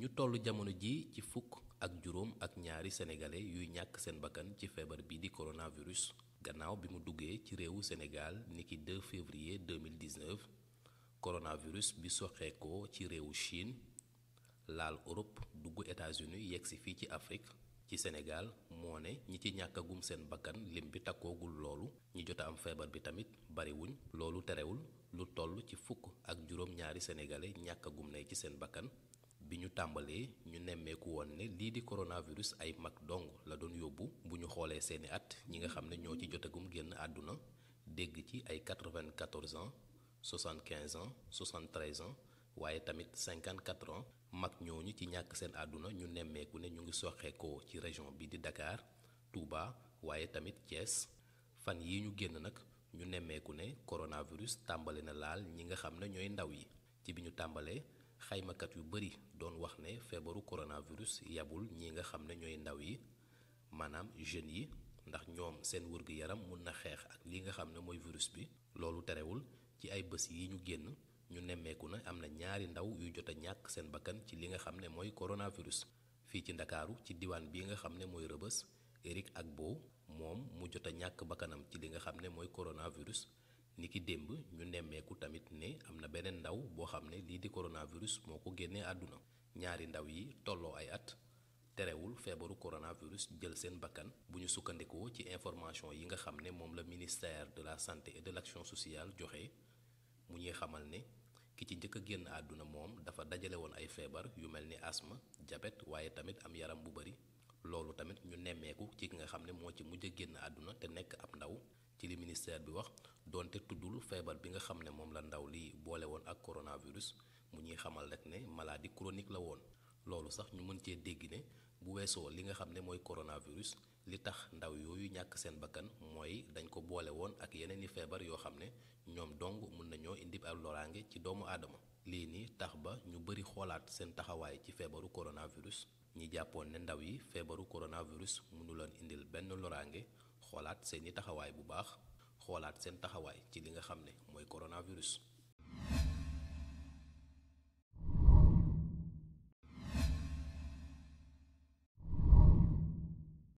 ñu toll jamono ji ci fukk ak juróom ak ñaari sénégalais yuy ñàkk seen bakkan ci feebar bii di coronavirus gannaaw bi mu duggee ci réewu Sénégal niki 2 février 2019 coronavirus bi soxeekoo ci réewu Chine laal Europe dugg États-Unis yegsi fii ci Afrique ci Sénégal moo ne ñi ci ñàkkagum seen bakkan lim bi takkoogul loolu ñi jot a am feebar bi tamit bariwuñ loolu terewul lu toll ci fukk ak juróom-ñaari sénégalais ñàkkagum ne ci seen bakkan bi ñu tàmbalee ñu nemmeeku woon ne lii di coronavirus ay mag dong la doon yóbbu bu ñu xoolee seeni at ñi nga xam ne ñoo ci jotagum génn àdduna dégg ci ay 94 ans 75 ans 73 ans waaye tamit 54 ans mag ñooñu ci ñàkk seen àdduna ñu nemmeeku ne ñu ngi soxeekoo ci région bi di Dakar Touba waaye tamit Thiès fan yi ñu génn nag ñu nemmeeku ne coronavirus tàmbale na laal ñi nga xam ne ñooy ndaw yi ci bi ñu tàmbalee. xaymakat yu bëri doon wax ne feebaru coronavirus yabul ñi nga xam ne ñooy ndaw yi maanaam jeunes yi ndax ñoom seen wërgu yaram mun na xeex ak li nga xam ne mooy virus bi. loolu terewul ci ay bés yi ñu génn ñu nemmeeku na am na ñaari ndaw yu jot ñàkk seen bakkan ci li nga xam ne mooy coronavirus. fii ci ndakaaru ci diwaan bi nga xam ne mooy rëbës Eric Agbo moom mu jot a ñàkk bakkanam ci li nga xam ne mooy coronavirus. ni ki démb ñu nemmeeku tamit ne am na beneen ndaw boo xam ne lii di coronavirus moo ko génnee àdduna ñaari ndaw yi tolloo ay at terewul feebaru coronavirus jël seen bakkan bu ñu sukkandikoo ci information yi nga xam ne moom la ministère de la santé et de l'action sociale joxe mu ñuy xamal ne ki ci njëkk génn àdduna moom dafa dajale woon ay feebar yu mel ni asthme diabète waaye tamit am yaram bu bari loolu tamit ñu nemmeeku ci ki nga xam ne moo ci mujj a génn àdduna te nekk ab ndaw ci ministère bi feebar bi nga xam ne moom la ndaw li boole woon ak coronavirus mu ñuy xamal rek ne maladie chronique la woon loolu sax ñu mën cee dégg ne bu weesoo li nga xam ne mooy coronavirus li tax ndaw yooyu ñàkk seen bakkan mooy dañ ko boole woon ak yeneen i feebar yoo xam ne ñoom dong mën nañoo indi ab loraange ci doomu aadama lii nii tax ba ñu bëri xoolaat seen taxawaay ci feebaru coronavirus ñi jàppoon ne ndaw yi feebaru coronavirus mënu leen indil benn loraange xoolaat seeni taxawaay bu baax xoolaat seen taxawaay ci li nga xam ne mooy coronavirus.